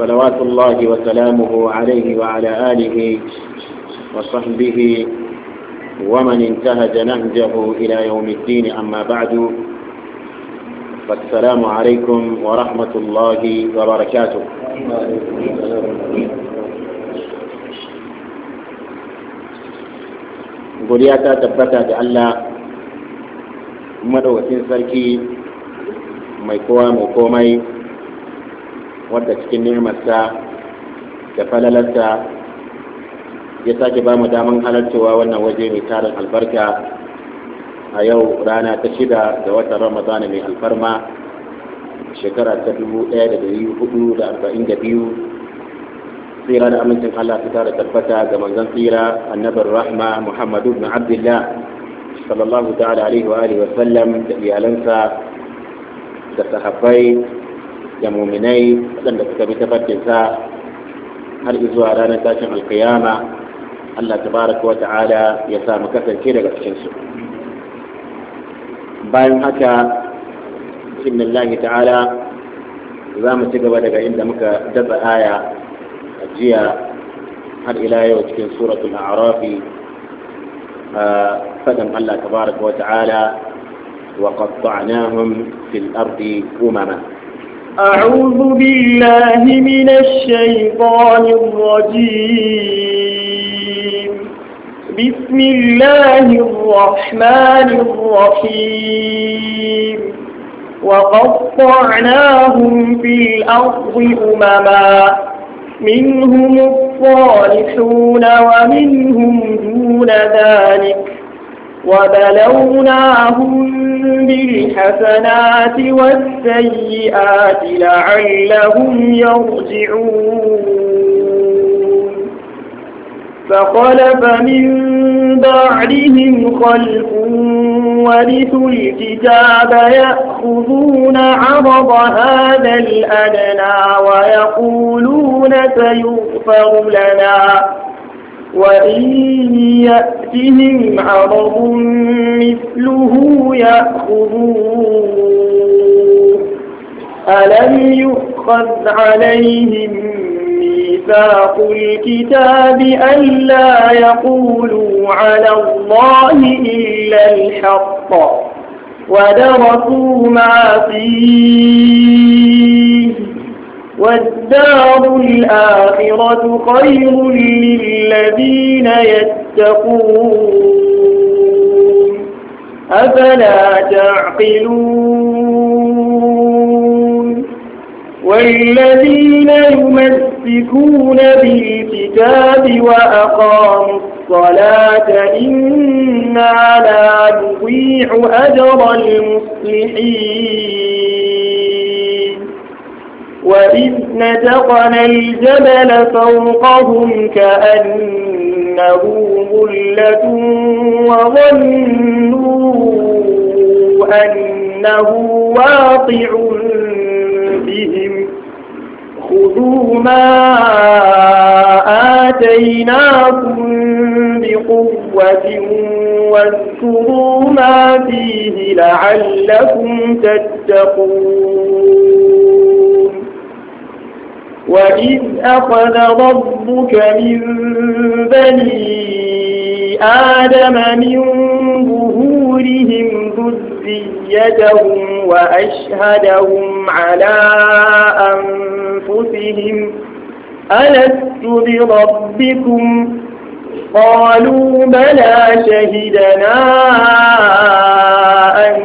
صلوات الله وسلامه عليه وعلى آله وصحبه ومن انتهج نهجه إلى يوم الدين أما بعد فالسلام عليكم ورحمة الله وبركاته godiya تبتا tabbata مدوة Allah madawacin sarki mai wadda cikin nimarsa da falalarsa ya sake ba mu daman halarcewa wannan waje mai tarin albarka a yau rana ta shida da watan ramadana mai alfarma shekara ta dubu ɗaya da dari hudu da arba'in da biyu tsira da amincin allah ta tara tabbata ga manzon tsira annabar rahma muhammadu bin abdullah sallallahu ta'ala alaihi wa alihi wa sallam da iyalansa da sahabbai da muminai waɗanda suka bi tafarkinsa har zuwa ranar tashin alkiyama Allah tabaraka wa ta'ala ya samu kasance daga cikin su bayan haka cikin Allah ta'ala za mu ci gaba daga inda muka dafa aya a jiya har ila yau cikin suratul a'rafi fadan Allah tabaraka wa ta'ala وقطعناهم في الأرض أمما أعوذ بالله من الشيطان الرجيم بسم الله الرحمن الرحيم وقطعناهم في الأرض أمما منهم الصالحون ومنهم دون ذلك وبلوناهم بالحسنات والسيئات لعلهم يرجعون فخلف من بعدهم خلف ورثوا الكتاب يأخذون عرض هذا الأدنى ويقولون سيغفر لنا وإن يأتهم عرض مثله يأخذوه ألم يؤخذ عليهم ميثاق الكتاب ألا يقولوا على الله إلا الحق ودرسوا ما فيه والدار الآخرة خير للذين يتقون أفلا تعقلون والذين يمسكون بالكتاب وأقاموا الصلاة إنا لا نضيع أجر المصلحين وإذ نتقنا الجبل فوقهم كأنه ملة وظنوا أنه واقع بهم خذوا ما آتيناكم بقوة واذكروا ما فيه لعلكم تتقون وإذ أخذ ربك من بني آدم من ظهورهم ذريتهم وأشهدهم على أنفسهم ألست بربكم قالوا بلى شهدنا أن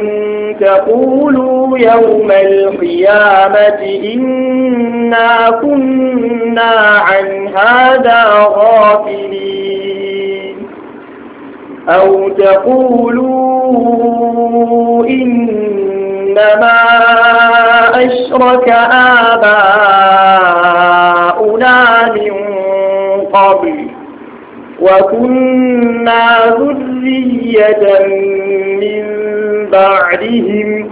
تقولوا يوم القيامة إنا كنا عن هذا غافلين أو تقولوا إنما أشرك آباؤنا من قبل وكنا ذرية من بعدهم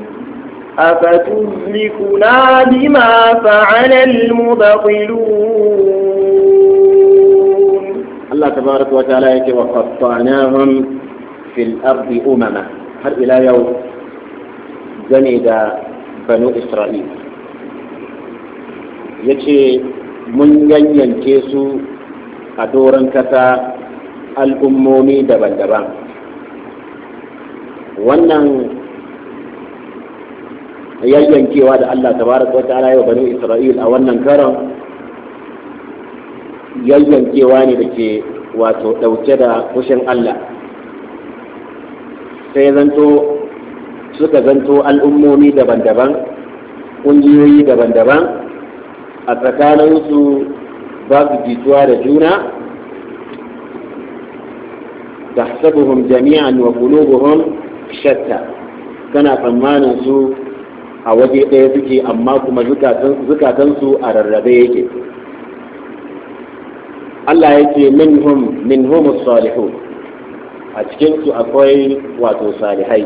أفتهلكنا بما فعل المبطلون الله تبارك وتعالى وقطعناهم في الأرض أمما هل إلى يوم جند بنو إسرائيل يجي من ينكسوا a doron kasa al'ummomi daban-daban wannan yayyankewa da Allah tabaraka wata'ala yau bani Isra'il a wannan karon yayyankewa ne da ke wato ɗauke da kushin Allah sai zanto suka zanto al'ummomi daban-daban ƙungiyoyi daban-daban a tsakaninsu za su jituwa da juna tahsabuhum jami'an wa qulubuhum shatta kana tsammanin su a waje ɗaya suke amma kuma zukatansu a rarrabe yake Allah ya ce minhum minhum salihun a cikinsu akwai wato salihai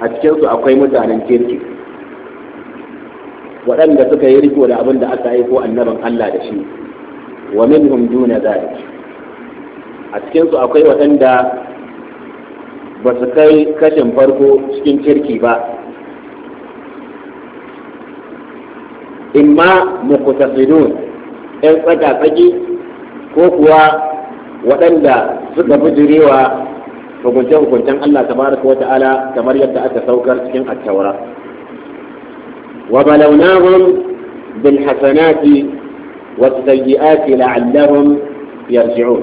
a cikinsu akwai mutanen kirki waɗanda suka yi riko da abin da aka aiko annabin Allah da shi wa minhum duna zalik a cikin su akwai waɗanda ba su kai kashin farko cikin kirki ba imma muqtasidun ɗan tsaka tsaki ko kuwa waɗanda suka jirewa hukunce hukuncen Allah tabaraka wata ta'ala kamar yadda aka saukar cikin attaura. وبلوناهم بالحسنات والسيئات لعلهم يرجعون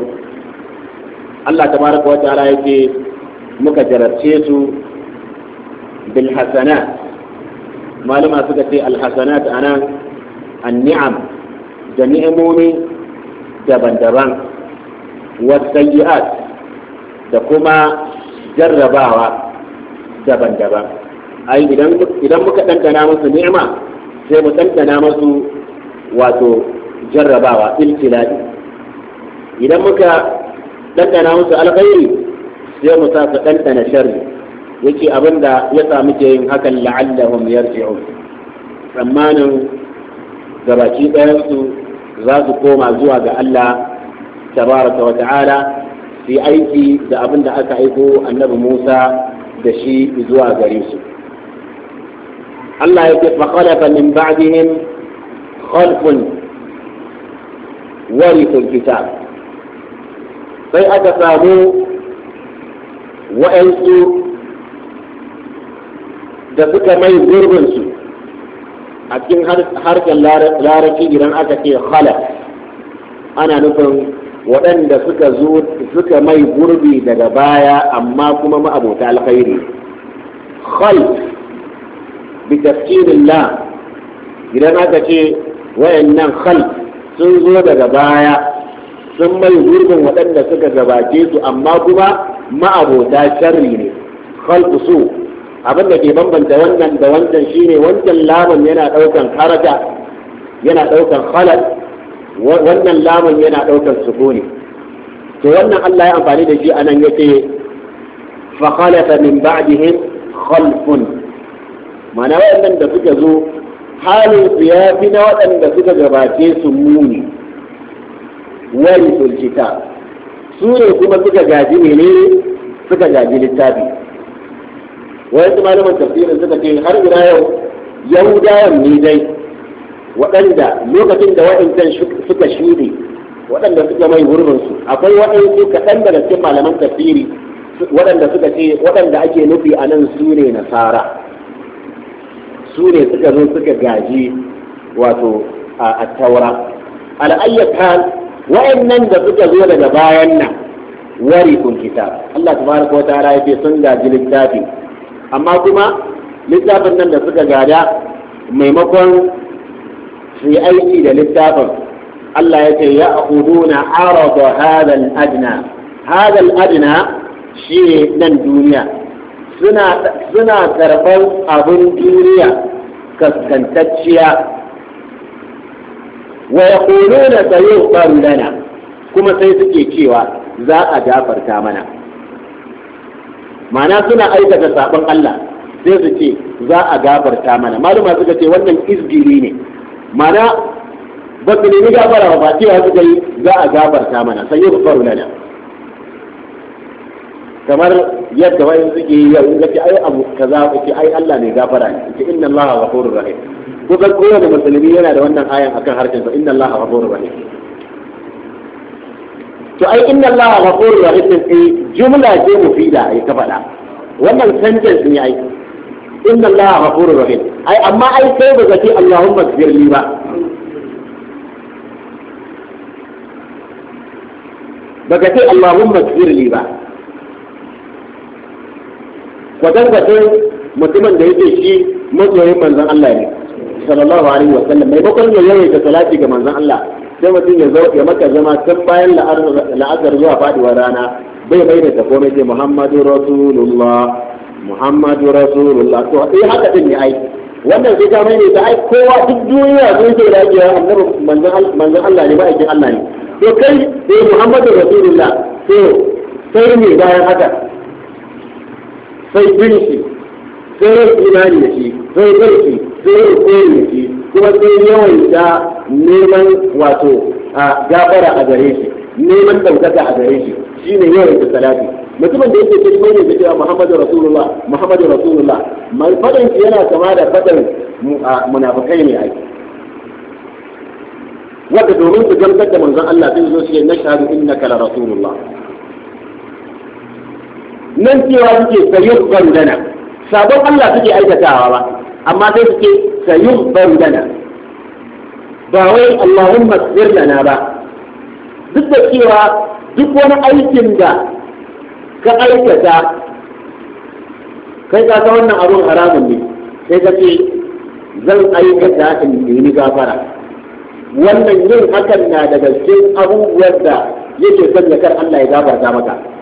الله تبارك وتعالى يقول مكجر الشيسو بالحسنات ما لما تكتي الحسنات أنا النعم جميع مومي دبن دبن والسيئات تكما جرباها دبن دبن ai idan muka ɗanɗana musu ni'ima sai mu ɗanɗana musu wato jarrabawa iltila'i idan muka ɗanɗana musu alkhairi sai mu sa su ɗanɗana sharri yake abin da ya sami muke yin hakan la'allahum yarji'un tsammanin gabaki ɗayansu za su koma zuwa ga Allah tabaraka wa ta'ala su aiki da abin da aka aiko annabi Musa da shi zuwa gare su الله يكف خلف من بعدهم خلف ورثوا الكتاب في فاهو وإنسوا دفك من زربنسوا أكين حركة لا ركي إذا في خلف أنا نفهم وأن دفك زود دفك مي بربي دقبايا أما كما ما أبو تعالى خيري خلف bi tafkirillah idan aka ce wayannan khalf sun zo daga baya sun mai gurbin waɗanda suka gabace su amma kuma ma'abota sharri ne khalqu su abin da ke bambanta wannan da wancan shine wancan lamun yana ɗaukar haraka yana ɗaukan halal wannan lamun yana ɗaukan sukuni to wannan Allah ya amfani da shi anan yake fa khalafa min ba'dihim khalfun mana waɗanda suka zo halin su ya fi na waɗanda suka gabace su muni wani sulcita su ne kuma suka gaji ne suka gaji littafi Wani wasu malaman tafsirin suka ce har ina yau yahudawan ne dai waɗanda lokacin da waɗancan suka shuɗe waɗanda suka mai gurbinsu akwai waɗansu kaɗan daga cikin malaman tafsiri waɗanda suka ce waɗanda ake nufi a nan su ne nasara su ne suka zo suka gaji wato a taura al'ayyatan wa'annan da suka zo daga bayan nan wari kun kitab Allah tabaraka wa ta'ala yace sun gaji littafi amma kuma littafin nan da suka gada maimakon su yi aiki da littafin Allah yace ya aquduna arada hadha al-adna adina, al-adna shi nan duniya suna karɓar abin duniya kaskantacciya wa ya kone da tsayo lana kuma sai suke cewa za a gafarta mana mana suna aikata sabon Allah sai su ce za a gafarta mana maluma suka ce wannan izgiri ne mana ba su nemi gafara ba cewa suka yi za a gafarta mana sai yi lana kamar yadda wani suke yi yau kace ai abu kaza kace ai Allah ne gafara ne kace inna Allah ghafurur rahim kusan kowane musulmi yana da wannan ayan akan harshen sa inna Allah ghafurur rahim to ai inna Allah ghafurur rahim sai eh, jumla ce mufida ai ka faɗa wannan sentence ne ai inna Allah ghafurur rahim ai amma ai sai ba kace Allahumma ghfirli ba baka ce Allahumma ghfirli ba kwatankwacin mutumin da yake shi masoyin manzon Allah ne sallallahu alaihi wa sallam maimakon ya yawaita salati ga manzon Allah sai mutum ya zo ya maka zama tun bayan la'azar zuwa faduwar rana bai bai da ta komai sai Muhammadu Rasulullah Muhammadu Rasulullah to eh haka din ne ai wannan sai ta mai ne ta ai kowa duk duniya sun ce da yake annabi manzon Allah ne ba aikin Allah ne to kai sai eh, Muhammadu Rasulullah to sai ne bayan haka sai bin shi sai yin imani da shi sai bin sai yin koyi da shi kuma sai yawan da neman wato a gabara a gare shi neman ɗaukaka a gare shi shine yawan da salati mutumin da yake cikin ne da cewa Muhammadu Rasulullah Muhammadu Rasulullah mai fadan yana kama da fadan munafikai ne ake wanda domin su gamsar da manzon Allah sun zo shi na shahadu innaka la rasulullah nan cewa suke sayur bandana sabon Allah suke aikatawa ba amma sai suke sayu bandana ba wai Allahumma sir lana ba duk da cewa duk wani aikin da ka aikata kai ka ga wannan abun haramun ne sai ka ce zan aikata in nemi gafara wannan yin hakan na daga cikin abubuwan da yake son ya kar Allah ya gafarta maka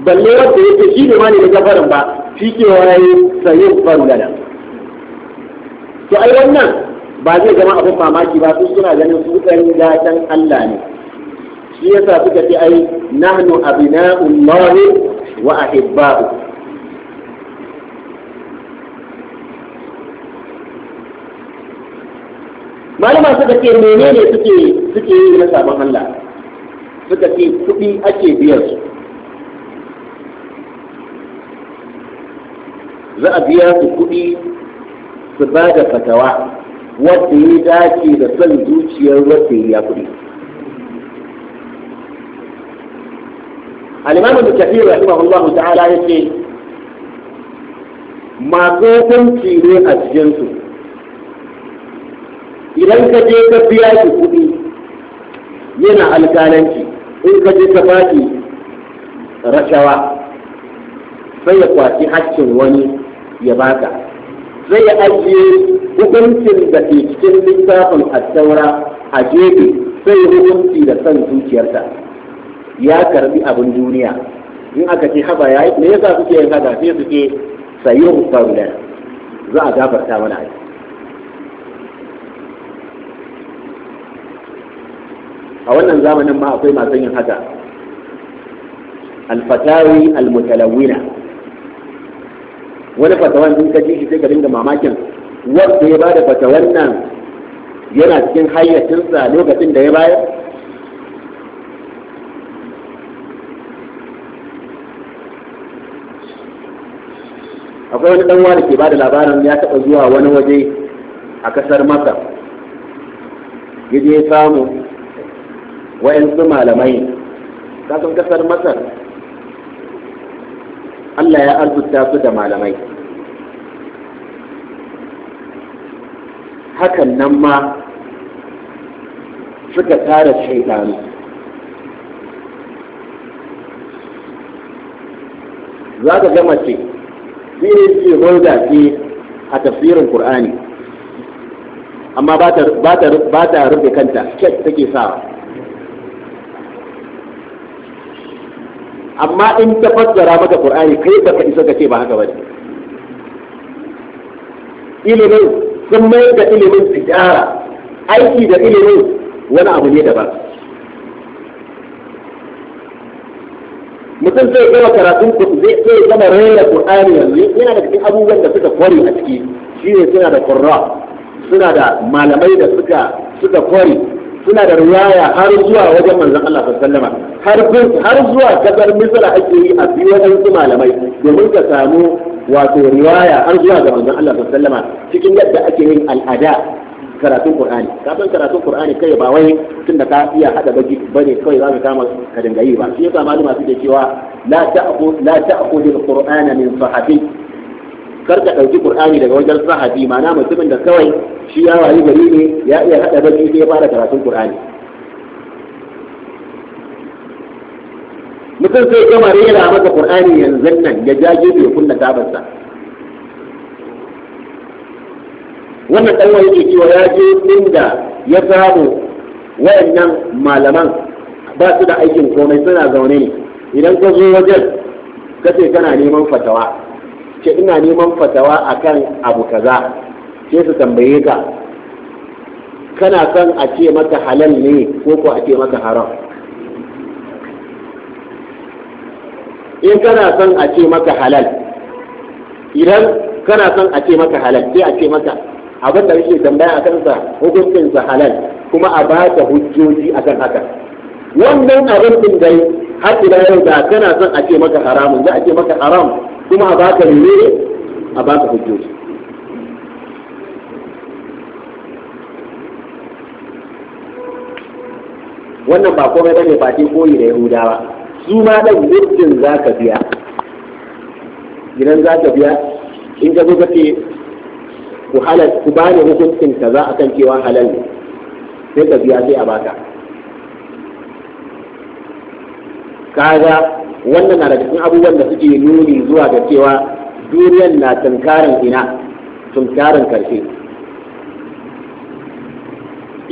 balle wanda yake shi ne ma ne da gafarin ba shi ke waye sayin farulana to ai wannan ba zai zama abin mamaki ba su suna ganin su ɗan gatan Allah ne shi yasa suka ce ai nahnu abina'ullahi wa ahibba'u malama suka ce menene suke suke yi na sabon Allah suka ce kuɗi ake biyar su za a biya su kuɗi su ba da fatawa wadda ya dace da son zuciyar wadda ya kuɗi al-imam al rahimahullahu ta'ala yace masu hukunci ne a cikinsu idan ka je ka biya shi kuɗi yana alƙalanci in ka je ka faɗi rashawa sai ya kwaci haccin wani ya baka zai ajiye hukuncin da ke cikin littafin attaura a gefe sai hukunci da son zuciyarsa ya karbi abin duniya in aka ce haba yayi me yasa suke yin haka sai suke sayyuhu fawlan za a gafarta mana ai a wannan zamanin ma akwai masu yin haka alfatawi almutalawina wani fatawan sun ka shi sai ka dinga mamakin wanda ya bada fatawan nan yana cikin hayyacinsa lokacin da ya bayar akwai wani ɗanwa da ke bada labarin ya taɓa zuwa wani waje a ƙasar masa ya je samu wa'yansu malamai kasan ƙasar masar Allah ya arzuta su da malamai hakan nan ma suka tara shaidanu za ka shi. mace ce hulda ce a tafsirin Kur'ani amma ba ta rufe kanta kek take sawa amma in ta fassara maka qur'ani kai baka isa ka ce ba haka bane ilimin sun mayar da ilimin tijara aiki da ilimin wani abu ne daban mutum zai gama karatun zai gama rera qur'ani yanzu yana da cikin abubuwan da suka kware a ciki shine suna da qurra suna da malamai da suka suka kware suna da riwaya har zuwa wajen manzon Allah sallama har har zuwa kasar Misra ake yi a biyu wajen malamai domin ka samu wato riwaya har zuwa ga manzon Allah sallama cikin yadda ake yin al'ada karatun Qur'ani ka san karatun Qur'ani kai ba wai da ka iya hada baki bane kai za ka kama ka dinga yi ba shi yasa malama suke cewa la ta'khudh la ta'khudh al-Qur'ana min sahabi kar ka ɗauki qur'ani daga wajen sahabi mana mutumin da kawai shi ya wayi gari ne ya iya haɗa baki sai ya fara karatun qur'ani mutum sai gama rera maka qur'ani yanzu nan ya jage bai ya kunna tabarsa wannan ɗan wani cewa ya je inda ya samu wayannan malaman ba su da aikin komai suna zaune ne idan ka zo wajen kace kana neman fatawa ce ina neman fatawa akan abu kaza sai su tambaye ka kana son a ce maka halal ne ko ko a ce maka haram in kana son a ce maka halal idan kana son a ce maka halal sai a ce maka abin da kake tambaya a kansa hukuncinsa halal kuma a ba ka hujjoji akan haka wannan abin din dai har ila yau da kana son a ce maka haramun za a ce maka haram kuma a baka ne a baka hujjoji wannan ba komai bane ba bakin koyi da yahudawa su ma dan gudun za ka biya idan za ka biya in ka zo ka ku halal ku bani hukuncin a kan cewa halal ne sai ka biya sai a baka kaga wannan na daga cikin abubuwan da suke nuni zuwa ga cewa duniyar na tunkarin ina tunkarin karshe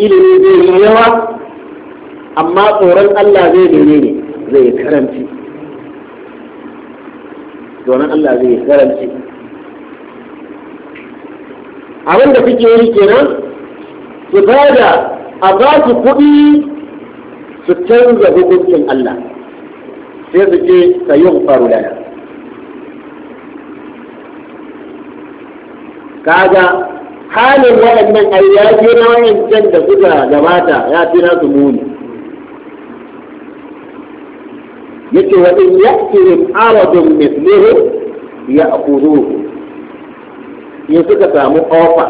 ilimi zai yi yawa amma tsoron Allah zai nene ne zai karanci tsoron Allah zai karanci abin da suke yi kenan su da a ba su kuɗi su canza hukuncin Allah sai su ce ka yi faru lana kaga halin waɗannan ai ya fi na wayancan da suka gabata ya fi na su muni yace wa don ya'tihim ya a ya'khudhuhu ya suka samu ofa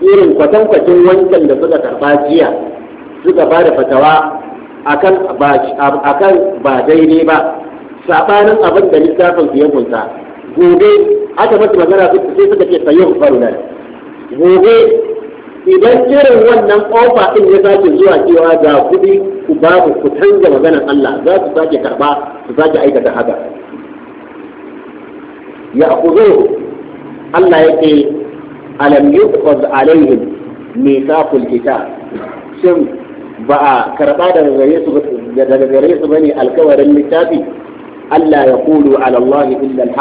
irin kwatankwacin wancan da suka karɓa jiya suka ba da fatawa akan ba ba daidai ba saɓanin abin da littafin su ya kunta gobe aka masu magana su sai suka ce faru na. gobe idan irin wannan ƙofa ɗin ya sake zuwa cewa ga kudi ku ba ku ku canza maganar Allah za su sake karɓa su sake aikata haka ya kuzo Allah ya yake alam yuqad alaihim mithaqul kitab shin ba a karɓa daga gare su daga gare su bane alkawarin littafi Allah ya kulu ala Allah illa al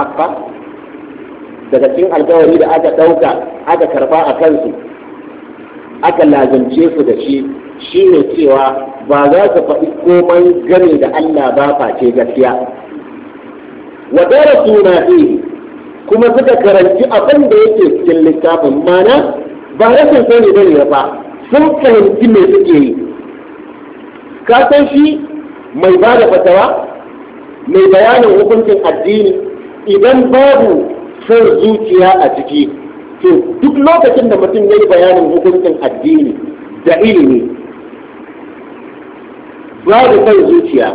daga cikin alkawari da aka ɗauka aka karɓa a kansu aka lazance su da shi shi ne cewa ba za su faɗi komai game da Allah ba face gaskiya wa dara suna kuma suka karanci abin da yake cikin littafin mana ba rashin sani bane ba sun fahimci me suke yi ka san shi mai ba da fatawa mai bayanin hukuncin addini idan babu son zuciya a ciki to duk lokacin da mutum ya yi bayanin hukuncin addini da ilimi babu son zuciya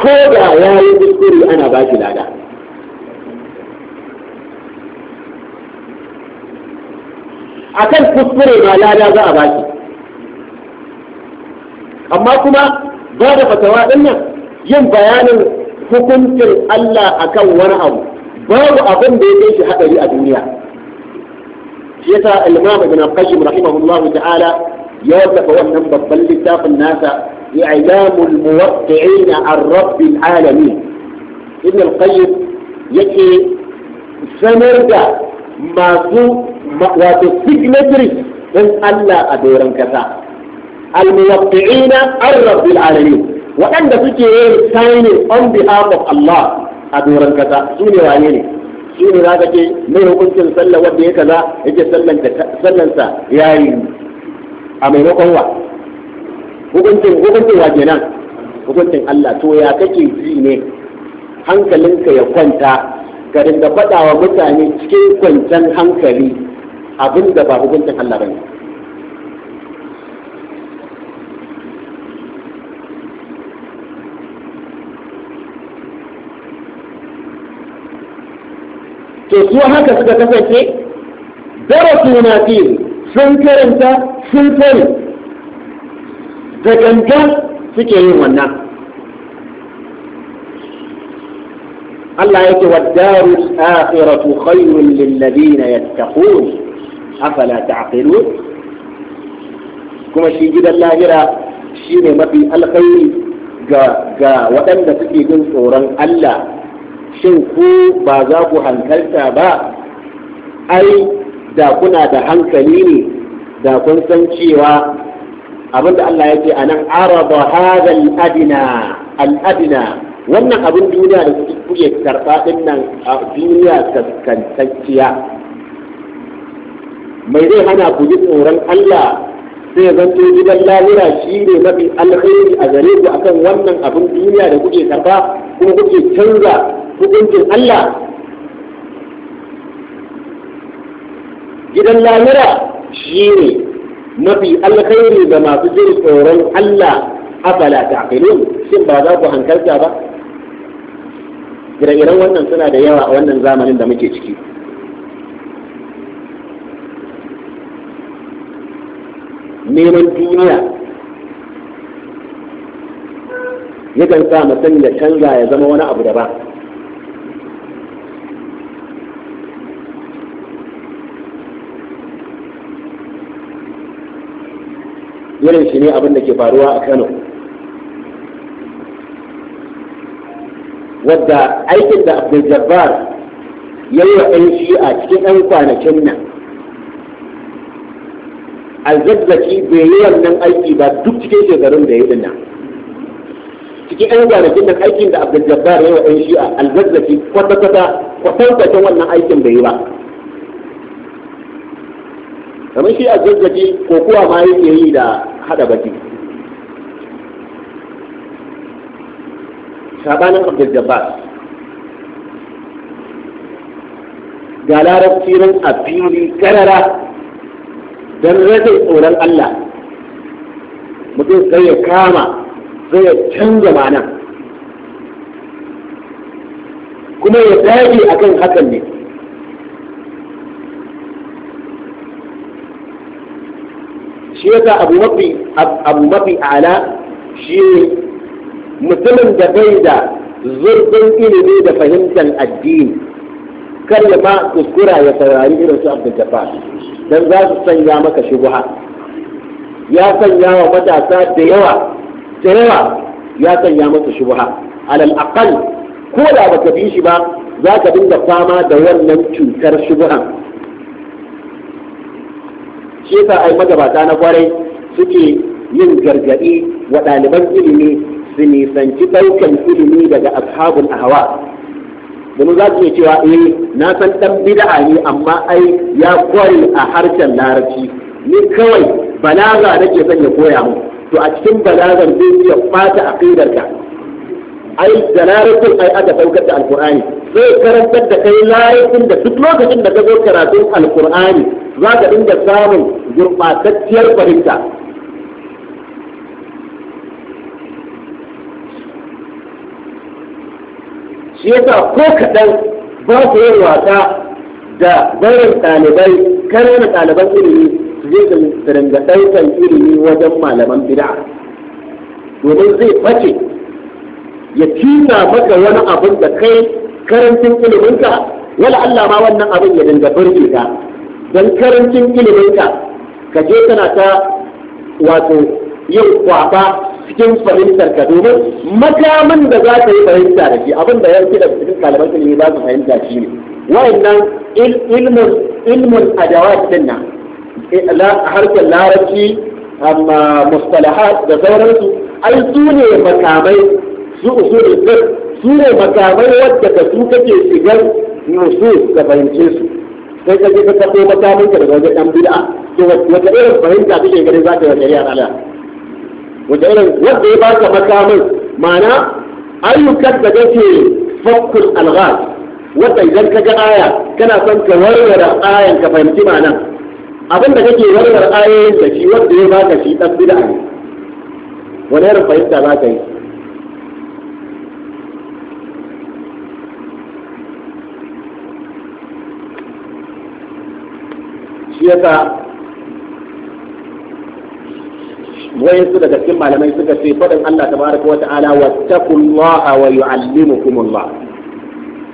ko da ya yi kuskure ana ba shi lada a kan kuskure ba lada za a ba shi amma kuma ba da fatawa din nan yin bayanin hukuncin Allah akan wani abu babu abin da ya kai shi hadari a duniya shi yasa al-Imam Ibn Qayyim rahimahullahu ta'ala ya wallafa wannan babban littafin nasa i'lamul muwaqqi'ina ar-rabbil alamin Ibn Qayyim yake sanar da masu wato signatories don Allah a doron kasa al-muwaqqi'ina ar-rabbil waɗanda suke yin signing on behalf of Allah a doron kasa su ne ne su ne za ka hukuncin sallar wanda ya kaza yake sallansa ya yi a maimakon wa hukuncin hukuncin wa kenan hukuncin Allah to ya kake ji ne hankalinka ya kwanta ka dinga faɗa wa mutane cikin kwancen hankali abin da ba hukuncin Allah bane to su haka suka kasance darasu na fi sun karanta sun sani da suke yin wannan Allah yake wa daru akhiratu khayrun lil ladina yattaqun afala ta'qilun kuma shi gidan lahira shine mafi alkhairi ga ga waɗanda suke yin tsoron Allah shin ku ba za ku hankalta ba ai da kuna da hankali ne da kun san cewa abinda Allah ya ce a nan araba hada al'adina wannan abin duniya da kuke karɓa ɗin nan a duniya kaskantacciya mai zai hana ku ji tsoron Allah sai zanto gidan lahira shi ne mafi alkhairi a gare ku akan wannan abin duniya da kuke karɓa kuma kuke canza hukuncin Allah gidan lamira shi ne mafi alkhairi da masu jin tsoron Allah afala ta'qilun shin ba za ku hankalta ba ire-iren wannan suna da yawa a wannan zamanin da muke ciki neman duniya yakan sa mutum ya canza ya zama wani abu da ba. irin shi ne abin da ke faruwa a kano wadda aikin da abdul jabbar ya yi wa ɗan shi'a cikin ɗan kwanakin nan alzazzaki bai yi wannan aiki ba duk cikin shekarun da ya yi nan cikin ɗan kwanakin nan aikin da abdul jabbar ya yi wa ɗan shi'a alzazzaki kwata-kwata kwatankwacin wannan aikin bai yi ba kamar shi a zazzaji ko kuwa ma yake yi da hada baki sabanin abdul jabbar ga larabci nan a fili karara don rage tsoron Allah mutum sai ya kama sai ya canza mana kuma ya dage akan hakan ne shi yasa abu mafi abu mafi ala shi mutumin da bai da zurfin ilimi da fahimtar addini kar ya ba kuskura ya saurari irin su abdul jabbar dan za su sanya maka shubha ya sanya wa matasa da yawa da yawa ya sanya masa shubha alal aqal ko da baka bi shi ba za ka dinga fama da wannan cutar shubhan shi yasa ai magabata na kwarai suke yin gargadi wa ɗaliban ilimi su nisanci ɗaukan ilimi daga ashabul ahwa domin za su iya cewa eh na san dan bid'a ne amma ai ya kware a harshen larabci ni kawai balaga nake son ya koya mu to a cikin balagar zai iya fata aqidarka ai da larabcin ai aka saukar da alkur'ani zai karantar da kai larabcin da duk lokacin da ka zo karatun alkur'ani za ka dinga samun gurɓatacciyar fahimta shi yasa ko kaɗan ba su yin wasa da barin ɗalibai kanana ɗaliban ilimi su je su dinga ilimi wajen malaman bid'a domin zai face ya tina maka wani abin da kai karancin iliminka wala Allah ma wannan abin ya dinga burge ka dan karancin iliminka ka je kana ta wato yin kwafa cikin fahimtar ka domin makamin da za ka yi fahimta da shi abin da yanki da cikin kalaman ilimi za su fahimta shi ne wa'annan ilmun ilmin adawat din nan eh, harshen larabci amma mustalahat da sauransu ai su ne makamai su usulul fiqh su ne makamai wadda ka su kake shigar nusus ka fahimce su sai ka je ka kafo makamin ka daga wajen ɗan bid'a to wata irin fahimta kake gare za ka yi shari'a ala wata irin wanda ya baka makamai, ma'ana ayyukan da kake fakkul alghaz wanda idan ka ga aya kana son ka warware ayan ka fahimci ma'ana, abin da kake warware ayoyin da shi wanda ya baka shi ɗan bid'a ne wani irin fahimta za ka yi shi yasa wayan su daga cikin malamai suka ce faɗin Allah tabaraka wa ta'ala wattaqullaha wa yu'allimukumullah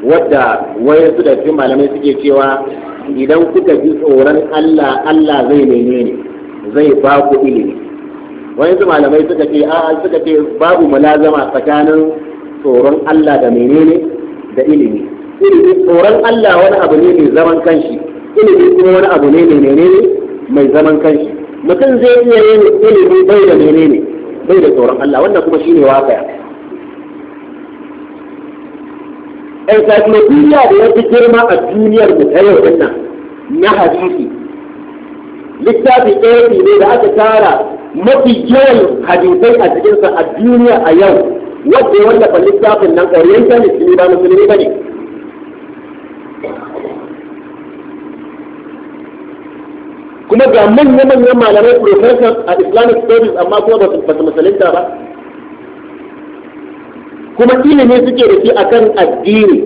wadda wayan su daga cikin malamai suke cewa idan kuka ji tsoron Allah Allah zai nene ne zai ba ku ilimi wayan su malamai suka ce a suka ce babu mulazama tsakanin tsoron Allah da menene da ilimi ilimi tsoron Allah wani abu ne mai zaman kanshi ilimi kuma wani abu ne mai menene mai zaman kanshi mutum zai iya yin ilimi bai da menene bai da tsoron Allah wannan kuma shine waƙaya encyclopedia da ya fi girma a duniyar mu ta yau dinnan na hadisi littafi ɗaya ne da aka tara mafi yawan hadisai a cikinsa a duniya a yau wanda ya littafin nan orientalist ne ba musulmi ba ne kuma ga manya-manyan malamai professor a islamic studies amma kuma ba su masalinta ba kuma ilimi suke da shi akan addini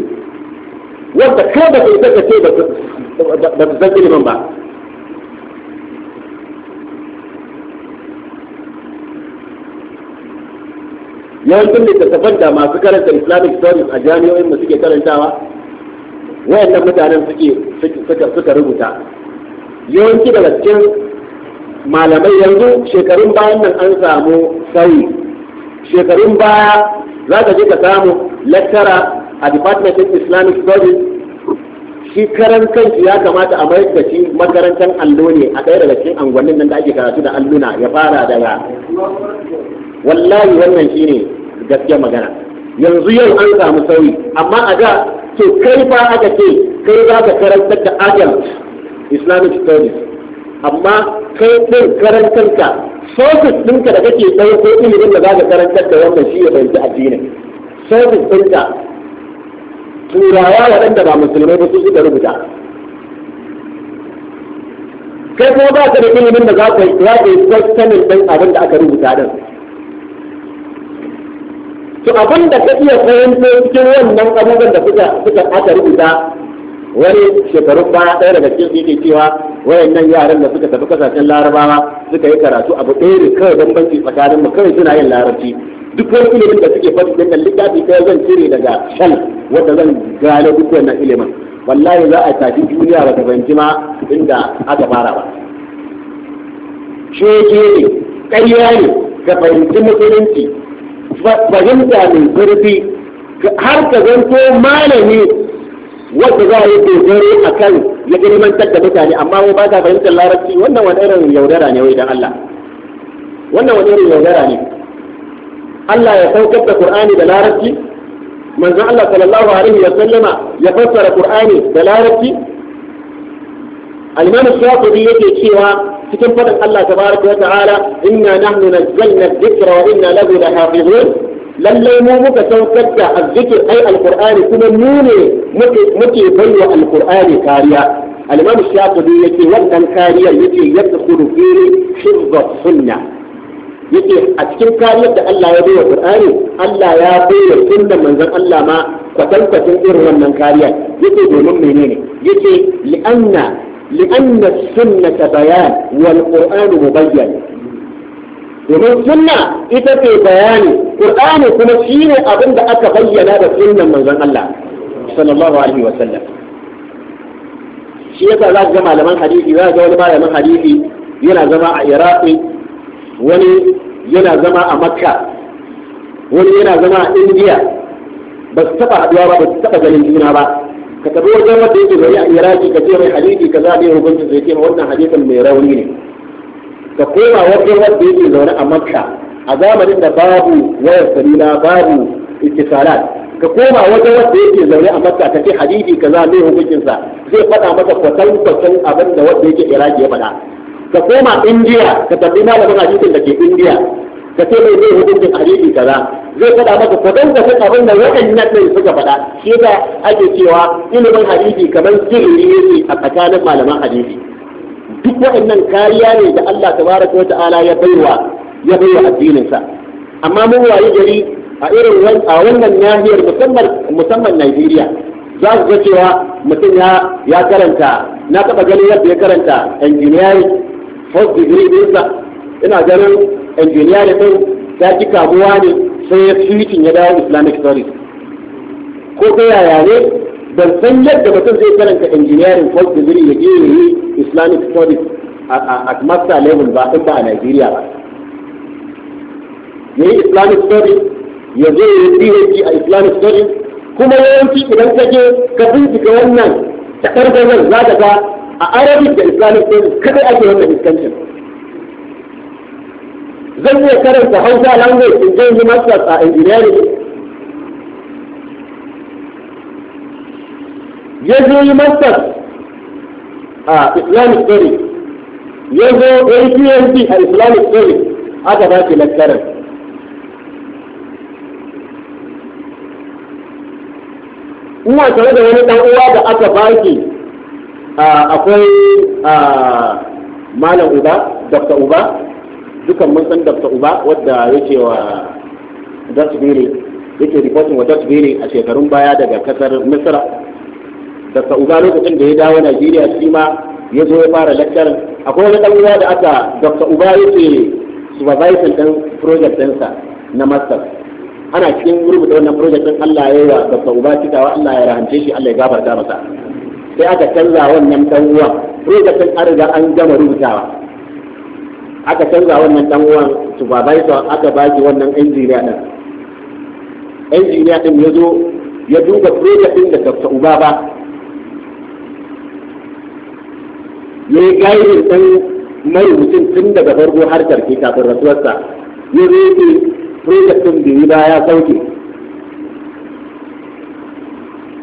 wanda ka ba su saka ce ba su san ilimin ba yawancin littattafan da masu karanta islamic studies a jami'o'in da suke karantawa wayannan mutanen suke suka rubuta yawanci da cikin malamai yanzu shekarun bayan nan an samu sauyi shekarun baya za ka je ka samu lattara a department of islamic studies shi karan kanki ya kamata a mayar da shi makarantar allo ne a ɗaya daga cikin angwannin nan da ake karatu da alluna ya fara daga wallahi wannan shi ne gaske magana yanzu yau an samu sauyi amma a da to kai ba aka ce kai za ka karantar da adal islamic studies amma kai ɗin karantarka focus ɗinka da kake ɗauko ilimin da za ka karantar da wannan shi ya fahimci addinin focus ɗinka turawa waɗanda ba musulmai ba su suka rubuta kai kuma ba ka da ilimin da za ka yi za ka yi ɗin abin da aka rubuta ɗin to abin da ka iya fahimta cikin wannan abubuwan da suka aka rubuta wani shekarun baya ɗaya daga cikin yake cewa wayannan yaran da suka tafi kasashen larabawa suka yi karatu abu ɗaya da kawai bambanci tsakanin mu kawai suna yin larabci duk wani ilimin da suke faɗi da nan littafi ɗaya zan cire daga shan wanda zan gane duk wannan ilimin wallahi za a tafi duniya ba ta fahimci ma inda aka fara ba shege ne ƙarya ne ka fahimci musulunci fahimta mai zurfi har ka zanto malami wanda za a yi dogaro a kan ya ilmantar da mutane amma mu ba ka fahimtar larabci wannan wani irin yaudara ne wai dan Allah wannan wani irin yaudara ne Allah ya saukar da Qur'ani da larabci manzon Allah sallallahu alaihi wa sallama ya fassara Qur'ani da larabci al-Imam Shafi'i yake cewa cikin fadin Allah tabaraka wa ta'ala inna nahnu nazzalna adh-dhikra wa inna lahu lahafizun lallai mu muka saukar da azzikir ai alqur'ani kuma mu ne muke baiwa alqur'ani kariya alimam imam shafi'i yake wannan kariyar yake yadda kudu fi shibba sunna yake a cikin kariyar da Allah ya baiwa qur'ani Allah ya baiwa sunna manzon Allah ma kwatankwacin irin wannan kariyar yake domin menene yake li'anna li'anna sunna bayan wal والقرآن mubayyan domin sunna ita ce bayani qur'ani kuma shine abin da aka bayyana da sunnan manzon Allah sallallahu alaihi wa sallam shi yasa za ga malaman hadisi za ga wani malamin hadisi yana zama a iraqi wani yana zama a makka wani yana zama a indiya ba su taba haduwa ba ba su taba ganin juna ba ka tabi wajen wanda yake zai a iraqi ka ce mai hadisi kaza ne hukuncin sai ce wannan hadisin mai rauni ne ka koma wajen wanda yake zaune a makka a zamanin da babu wayar salula babu ittisalat ka koma wajen wanda yake zaune a makka ka ce hadisi kaza mai hukuncin zai faɗa maka kwatan kwatan abin da wanda yake iraki ya faɗa ka koma indiya ka tabbi malamin hadisin da ke indiya ka ce mai zai hukuncin hadisi kaza zai faɗa maka kwatan kwatan abin da waɗannan ɗin suka faɗa shi da ake cewa ilimin hadisi kamar sirri ne a tsakanin malaman hadisi duk waɗannan kariya ne da Allah tabaraka wa ta'ala ya baiwa ya baiwa addinin sa amma mun wayi gari a irin a wannan nahiyar musamman musamman Najeriya za ku ga cewa mutum ya ya karanta na taba ganin yadda ya karanta engineering first degree sa ina ganin engineering din ya ji kamuwa ne sai ya switching ya dawo Islamic studies ko ga yaya ne dan san yadda mutum zai karanta engineering ko degree ya je yi islamic studies a master level ba in ba a Nigeria ba ne islamic studies ya zo ya yi a islamic studies kuma yawanci idan ka je ka bincika wannan ta ƙarfin za ka ga a arabic da islamic studies kada ake wannan iskancin zan iya karanta hausa language in je masters a engineering ya zo yi masters a islamic story ya zo ya yi phd a islamic story aka ba shi lakkarar ina tare da wani dan uwa da aka ba shi akwai malam uba dr uba dukan mun san dr uba wadda ya ce wa ya ke reporting wa bere a shekarun baya daga kasar misra daga uba lokacin da ya dawo najeriya shi ma ya zo ya fara lakkar akwai wani ɗan uwa da aka daga uba yake supervising ɗin project ɗinsa na master ana cikin rubuta wannan project ɗin allah ya yi wa uba cikawa allah ya rahance shi allah ya gafarta masa sai aka canza wannan ɗan uwa project ɗin an riga an gama rubutawa aka canza wannan ɗan uwan supervisor aka baki wannan engineer ɗin engineer ɗin ya zo ya duba project da dr uba ba ne yi gaidin mai marubucin tun daga farko har karfe kafin rasuwarsa ya rage project ɗin da yi baya sauke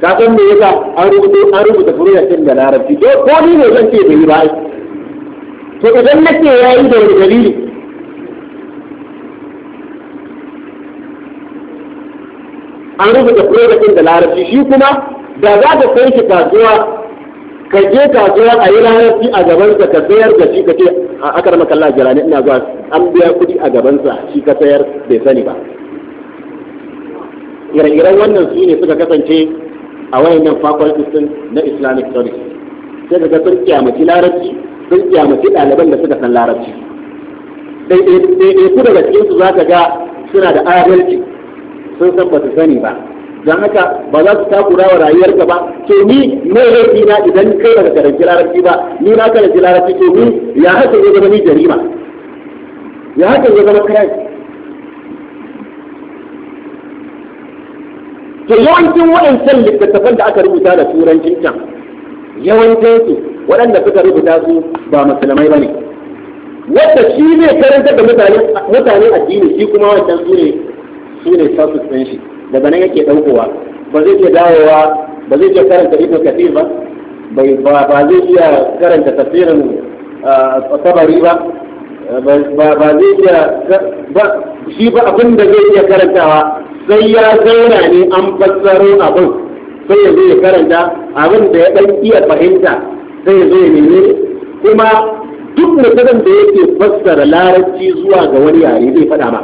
kafin me yasa an rubuta an rubuta project da larabci to ko ni ne zan ce bai yi ba to idan na ce ya yi da wani dalili an rubuta project da larabci shi kuma da za ka kai shi kasuwa ka je kasuwa a yi ranar fi a gabansa ka sayar da shi ka ce a akar makalla jirani ina zuwa an biya kuɗi a gabansa shi ka sayar bai sani ba ire-iren wannan su ne suka kasance a wayannan fakon din na islamic studies sai ka ga sun kyamaci larabci sun kyamaci ɗaliban da suka san larabci ɗaiɗaiku daga cikinsu za ka ga suna da adalci sun san ba su sani ba don haka ba za su takura wa rayuwarka ba to ni me laifi na idan kai daga karanci larabci ba ni na karanci larabci to ni ya haka ya zama ni jarima ya haka ya zama kai to yawancin waɗancan littattafan da aka rubuta da turancin can yawancin su waɗanda suka rubuta su ba musulmai ba ne wanda shi ne karanta da mutane addini shi kuma wancan su ne su ne sasu shi daga nan yake ɗaukowa ba zai iya dawowa ba zai iya karanta ibn kathir ba bai ba zai iya karanta tafsirin tabari ba ba zai iya ba shi ba abin da zai iya karantawa sai ya zauna ne an fassaro abin sai ya zo ya karanta abin da ya ɗan iya fahimta sai ya zo ya nemi kuma duk mutumin da yake fassara larabci zuwa ga wani yare zai faɗa ba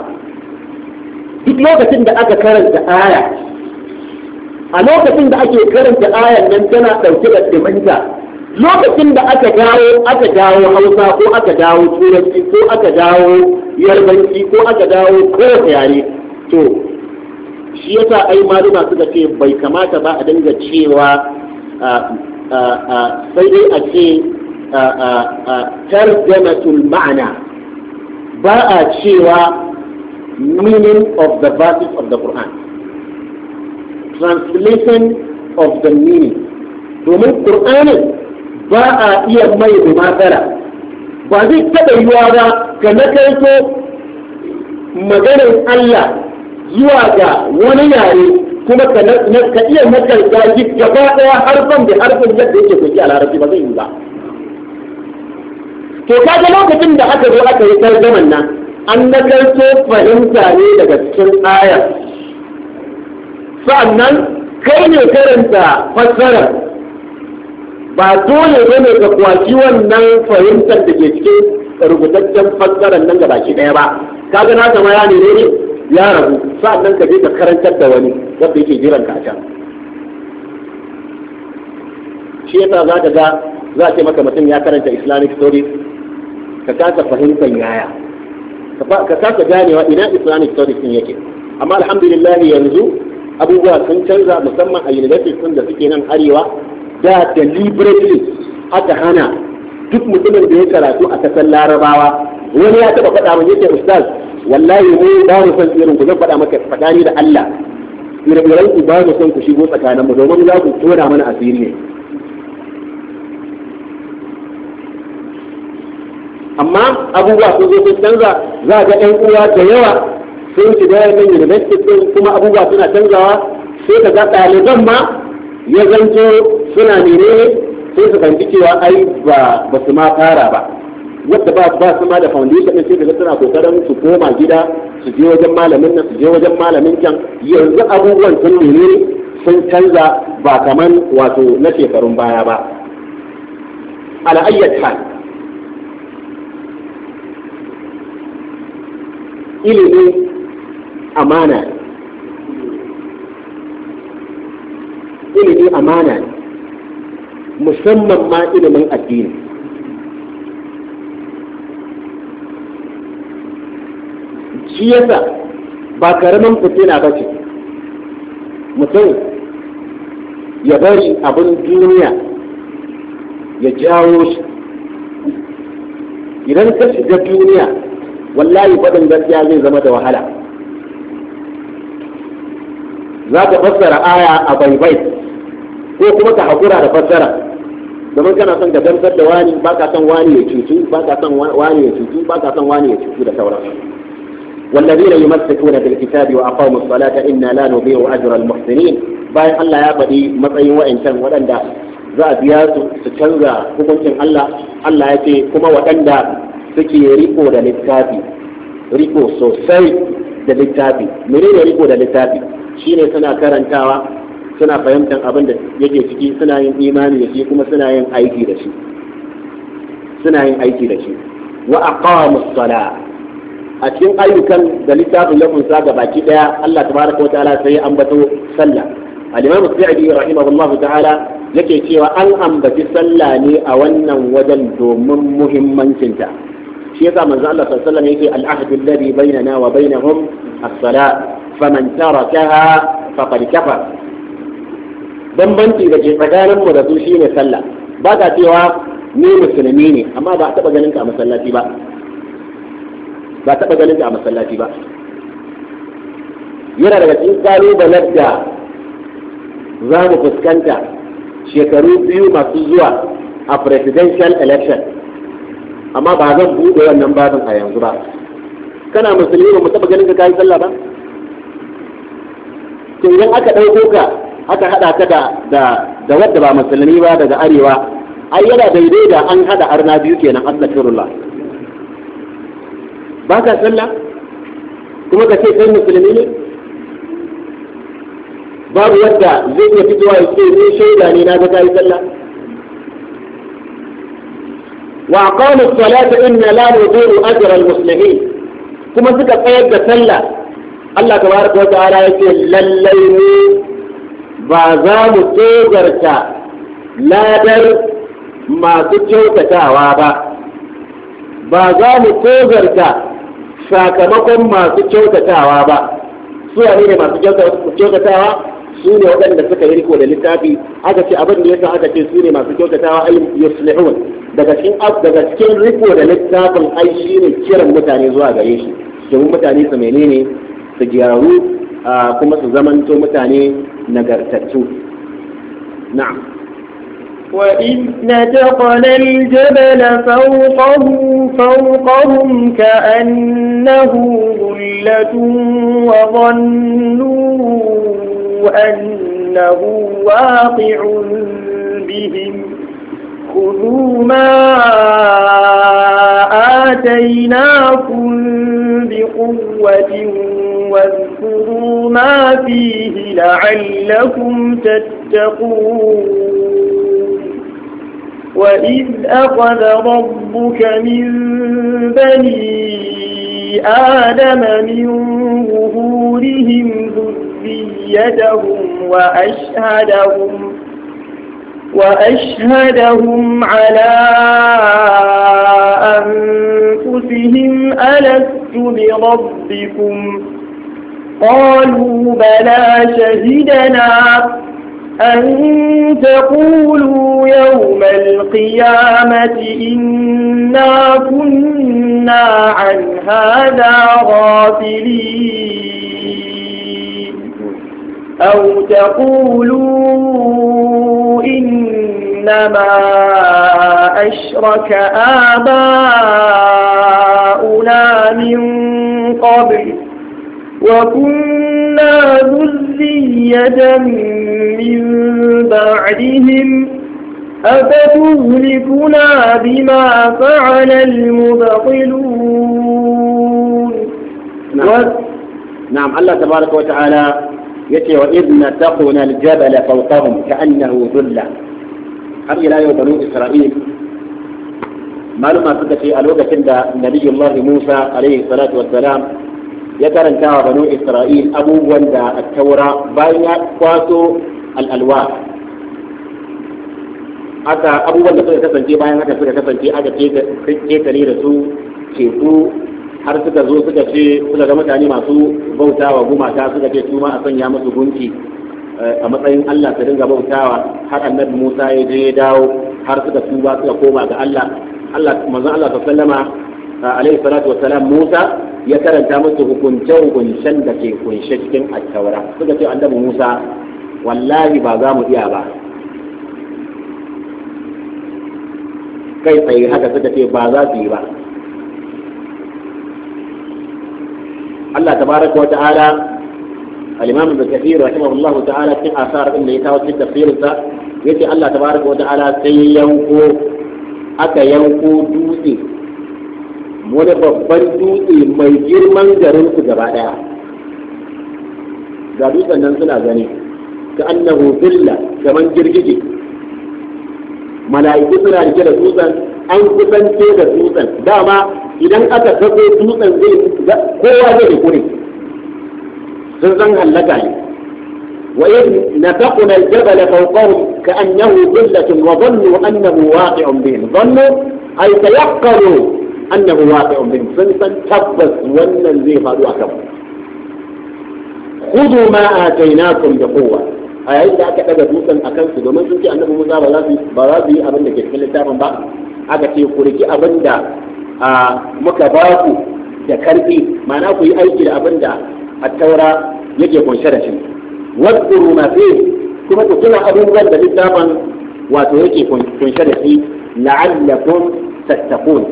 duk lokacin da aka karanta aya a lokacin da ake karanta ayan nan tana ɗauke da lokacin da aka dawo aka dawo hausa ko aka dawo turanci ko aka dawo yarbanci ko aka dawo kowace yare to shi yasa ai maluma suka ce bai kamata ba a dinga cewa sai dai a ce tarjamatul ma'ana ba a cewa meaning of the verses of the Quran. Translation of the meaning. Domin Qur'anin ba a iya mai matsala ba zai taɓa yiwa ba ga na karto maganar Allah zuwa ga wani yare kuma ka iya makarta shi gaba ɗaya harfan da harfan yadda yake kwaki a larabci ba zai yi ba. To kaga lokacin da aka zo aka yi zaman nan an nagarto fahimta ne daga cikin ayar sa'annan kai ne karanta fassara. ba dole ba ne ka kwaci wannan fahimtar da ke cikin rubutaccen fassarar nan gaba ki ɗaya ba ka ga na zama ne ne ya rabu sa'annan ka je ka karantar da wani wanda yake jiran ka can shi yasa za ka ga za a ce maka mutum ya karanta islamic stories ka kasa fahimtar yaya ka kasa ganewa ina islamic studies din yake amma alhamdulillah yanzu abubuwa sun canza musamman a universities da suke nan arewa da deliberately aka hana duk mutumin da ya karatu a kasar larabawa wani ya taba faɗa min yake ustaz wallahi mu ba mu san irin ku zan faɗa maka tsakani da Allah ire-iren ku ba mu san ku shigo tsakanin mu domin za ku tona mana asiri ne amma abubuwa sun zo sun canza za a ga 'yan uwa da yawa sun shiga yankin university din kuma abubuwa suna canzawa sai ka ga ɗaliban ma ya zanto suna nere sai su fahimci cewa ai ba ba su ma fara ba wadda ba ba su ma da foundation din sai ka suna kokarin su koma gida su je wajen malamin nan su je wajen malamin can yanzu abubuwan sun nere sun canza ba kaman wato na shekarun baya ba ala ayyatan ilimi amana ilimi amana musamman ma ilimin addini shi yasa ba karamin fitina ba ce mutum ya bari abin duniya ya jawo shi idan ka shiga duniya wallahi faɗin gaskiya zai zama da wahala za ka fassara aya a baibai ko kuma ka haƙura da fassara domin kana son ka gamsar da wani ba ka son wani ya cutu ba ka son wani ya cutu ba ka son wani ya cutu da sauransu والذين يمسكون بالكتاب وأقاموا الصلاة إنا لا نضيع أجر المحسنين باي الله يا بدي متأي وإن كان ولن za a biya su su canza hukuncin Allah Allah ya ce kuma waɗanda suke riko da littafi riko sosai da littafi menene riko da littafi shine suna karantawa suna fahimtar abin da yake ciki suna yin imani da shi kuma suna yin aiki da shi suna yin aiki da shi wa aqamus sala a cikin ayyukan da littafin ya kunsa ga baki daya Allah tabaraka wa sai ambato sallah al-imam sa'idi rahimahullah ta'ala yake cewa an ambaci sallah ne a wannan wajen domin muhimmancinta shi yasa manzo Allah sallallahu alaihi wasallam yake al-ahdu alladhi bainana wa bainahum as-salat faman tarakaha faqad kafar bambanci da ke tsakanin mu da su shine sallah ba ta cewa ni musulmi ne amma ba a taba ganin ka a masallaci ba ba taba ganin ka a masallaci ba yana daga cikin kalubalen da za mu fuskanta shekaru biyu masu zuwa a presidential election amma ba zan buɗe wannan babin a yanzu ba kana musulmi ba mu taɓa ganin ka kayi sallah ba to idan aka ɗauko ka aka haɗa ka da da wadda ba musulmi ba daga arewa ai yana daidai da an haɗa arna biyu kenan astaghfirullah ba ka sallah kuma ka ce kai musulmi ne babu wadda zai iya fitowa ya ce ni shaida ne na ga kayi sallah wa aqamu salata inna la nudiru ajra almuslimin kuma suka tsayar da sallah Allah tabaraka wa ta'ala yake lallai ne ba za mu tsogarta ladar masu kyautatawa ba ba za mu tsogarta sakamakon masu kyautatawa ba su masu kyautatawa su ne waɗanda suka yi riko da littafi aka ce abin da yasa aka ce su ne masu kyautatawa ay yuslihun daga cikin daga cikin riko da littafin ai shine kiran mutane zuwa gare shi domin mutane su menene su gyaru kuma su zamanto mutane nagartattu na'am وإذ نتقنا الجبل فَوْقَهُ فوقهم كأنه ظلة وظنوا أنه واقع بهم خذوا ما آتيناكم بقوة واذكروا ما فيه لعلكم تتقون وإذ أخذ ربك من بني آدم من ظهورهم ذريتهم وأشهدهم وأشهدهم على أنفسهم ألست بربكم قالوا بلى شهدنا أن تقولوا يوم القيامة إنا كنا عن هذا غافلين أو تقولوا إنما أشرك آباؤنا من قبل وكنا إلا ذرية من بعدهم أفتهلكنا بما فعل المبطلون نعم, و... نعم الله تبارك وتعالى يتي وإذ نتقنا الجبل فوقهم كأنه ذلة har ila yau إسرائيل isra'il maluma في الوقت عند نبي الله موسى عليه الصلاة والسلام ya karanta wa banu isra'il abubuwan da a taura bayan ya kwaso al'alwa aka abubuwan da suka kasance bayan haka suka kasance aka ketare da su teku har suka zo suka ce suka ga mutane masu bautawa gumaka suka ce su ma a sanya musu gunki eh, a matsayin Allah su dinga bautawa har annabi Musa ya je ya dawo har suka tuba suka koma ga Allah Allah manzon Allah sallallahu alaihi eh, salatu wassalam Musa ya karanta musu hukunce hukuncen da ke kunshe cikin attaura suka ce annabi Musa wallahi ba za mu iya ba kai tsaye haka suka ce ba za su yi ba Allah tabaraka wa ta'ala al-Imam Ibn Kathir rahimahullahu ta'ala cikin asar din da ya kawo cikin tafsirinsa yace Allah tabaraka wa ta'ala sai yanko aka yanko dutse wani babban dutse mai girman garin su gaba daya ga dutsen nan suna gani ka annahu filla kaman girgije mala'iku suna rike da dutsen an kusance da dutsen dama idan aka kaso dutsen zai kowa zai kure sun san hallaka ne wa وإذ نفقنا الجبل فوقهم كأنه wa وظنوا أنه واقع بهم ظنوا أي تيقنوا annahu waqi'un bihim sun san tabbas wannan zai faru akan ku khudhu ma atainakum bi quwwa a yayin da aka daga dutsen akan su domin sun ce annabi Musa ba za su ba za su yi abin da ke cikin littafin ba aka ce ku riki abin da muka ba ku da karfi ma'ana ku yi aiki da abin da at-taura yake kunshe da shi wadkuru ma fi kuma ku tuna abubuwan da littafin wato yake kunshe da shi la'allakum tattaqun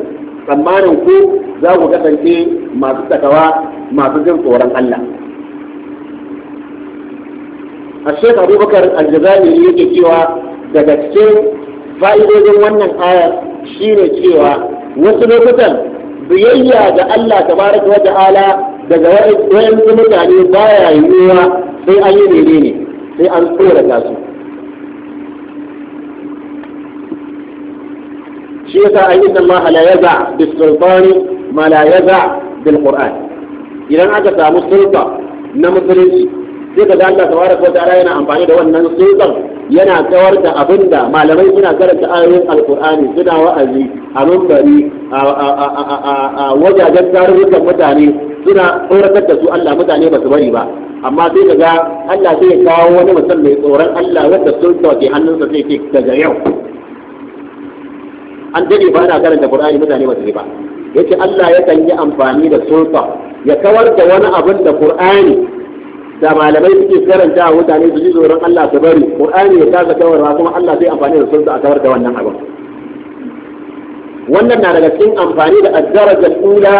tsammanin ku za ku kasance masu takawa masu jin tsoron Allah a shek abubakar aljazairi yake cewa daga cikin fa'idodin wannan shi shine cewa wasu lokutan biyayya ga Allah ta wa ta'ala daga wayansu mutane baya yiwuwa sai an yi ne sai an tsorata su shi a ai inna Allah la yaza bis sultani ma la yaza bil qur'an idan aka samu sulta na musulunci sai ka ga Allah tabaraka wa ta'ala yana amfani da wannan sultan yana kawar da abinda malamai suna karanta ayoyin alkur'ani suna wa'azi a mambari a wajajen tarurrukan mutane suna tsoratar da su Allah mutane ba su bari ba amma sai ka ga Allah sai ya kawo wani mutum mai tsoron Allah wanda sun ke hannunsa sai ke daga yau an dade ba ana karanta qur'ani mutane ba su ba yace Allah yakan yi amfani da sulta ya kawar da wani abin da qur'ani da malamai suke karanta wa mutane su ji tsoron Allah su bari qur'ani ya kaza kawar kawarwa kuma Allah zai amfani da sulta a kawar da wannan abin wannan na daga cikin amfani da addaraja ula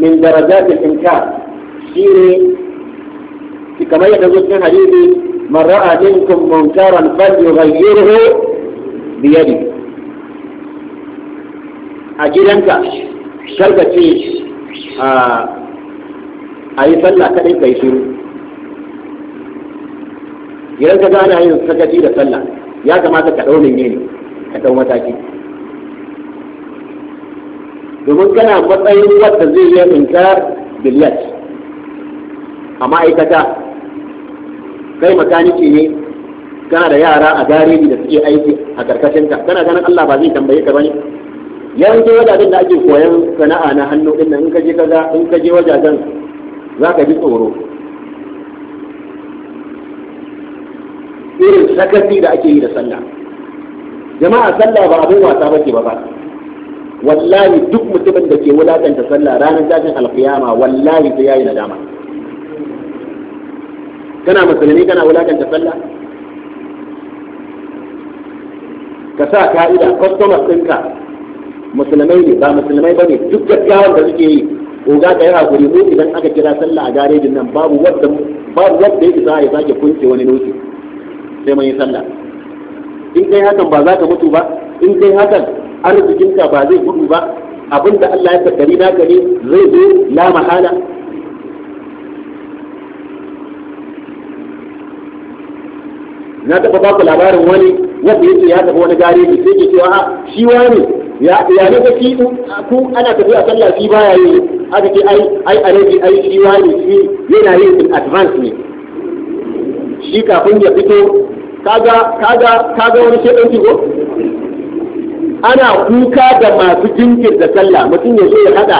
min darajat al-inkar shine kamar yadda zo cikin hadisi man ra'a minkum munkaran falyughayyirhu bi yadihi a gidanka kar ka ce a yi sallah kaɗai ka yi shiru idan ka gana yin sakaci da sallah ya kamata ka ɗaunin ne ka ɗau mataki domin kana matsayin wadda zai yi inkar biliyat a ma'aikata kai makaniki ne kana da yara a gareji da suke aiki a karkashinka kana ganin Allah ba zai tambaye ka ba ne. yanzu wajajen da ake koyan sana'a na hannu inda in ka je kaza in ka je wajajen za ka ji tsoro irin sakaci da ake yi da sallah jama'a sallah ba abin wasa ba ke ba ba wallahi duk mutumin da ke wulaƙanta sallah ranar tashin alƙiyama wallahi sai yayi nadama kana musulmi kana wulaƙanta sallah ka sa ka'ida customers ɗinka musulmai ne ba musulmai ba ne duk kyawun da suke yi oga ka yi hakuri mu idan aka kira sallah a garejin nan babu wadda babu yake ya a yi sake kunce wani noki sai mun yi sallah in kai hakan ba za ka mutu ba in kai hakan arzikinka ba zai gudu ba abinda Allah ya kaddari naka ne zai zo la mahala na taɓa ba ku labarin wani wanda yake ya tafi wani gareji sai ke cewa shi wani ya ya ne kake ku ana tafiya sallah shi baya yi aka ce ai ai alaji ai shi wani shi yana yin in advance ne shi kafin ya fito kaga kaga kaga wani shedan ko ana kuka da masu jinkirta sallah mutum ya zo ya hada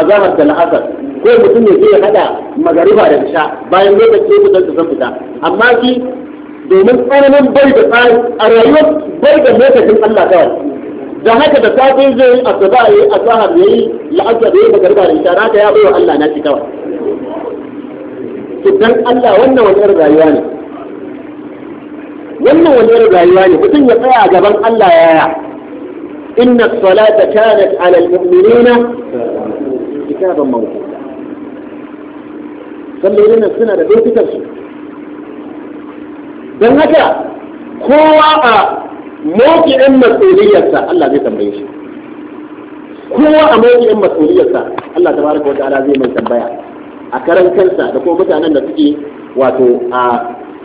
azahar da la'asar ko mutum ya zo ya hada magariba da isha bayan lokaci ya fitar da fita amma shi domin tsananin bai da tsari a rayuwar bai da lokacin Allah kawai da haka da safe zai yi a yi asahar yayi la'asar yayi da garba da isha haka ya wa Allah na shi kawai to Allah wannan wani irin rayuwa ne wannan wani irin rayuwa ne mutum ya tsaya a gaban Allah ya yaya inna salata kanat ala almu'minina kitaban mawquta sallolin suna da lokutan su don haka kowa a mawuki'in masoyiyarsa, Allah zai tambaye shi kowa a mawuki'in masoyiyarsa, Allah ta baraka wata ala zai mai tambaya a karan kansa da kuma mutanen da suke wato a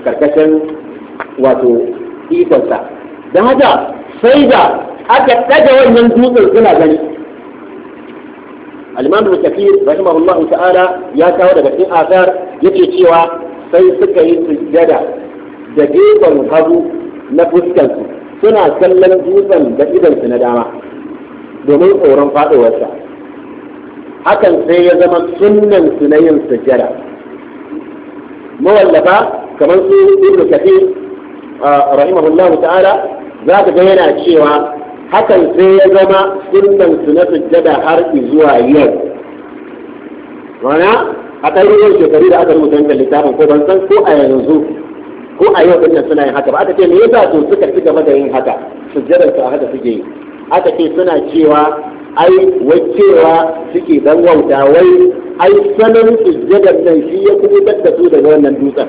karkashin wato ikonsa don haka sai da aka ɗaga wannan dutsen suna gani al-imam al-kafir rahimahullahu ta'ala ya kawo daga cikin asar yake cewa sai suka yi sujjada da gefen hagu na fuskansu suna kallon dutsen da idansu na dama domin tsoron faɗowarsa hakan sai ya zama sunnan su na yin sujjada mawallafa kamar su ibn kathir rahimahullahu ta'ala za ka ga yana cewa hakan sai ya zama sunnan su na sujjada har zuwa yau mana a ɗaruruwan shekaru da aka rubuta littafin ko ban san ko a yanzu ko a yau dinnan suna yin haka ba aka ce me yasa to suka ci gaba da yin haka sujjadar su a haka suke yi aka ce suna cewa ai wacewa suke dan wauta wai ai sanin sujjadar nan shi ya kubutar da su daga wannan dutsen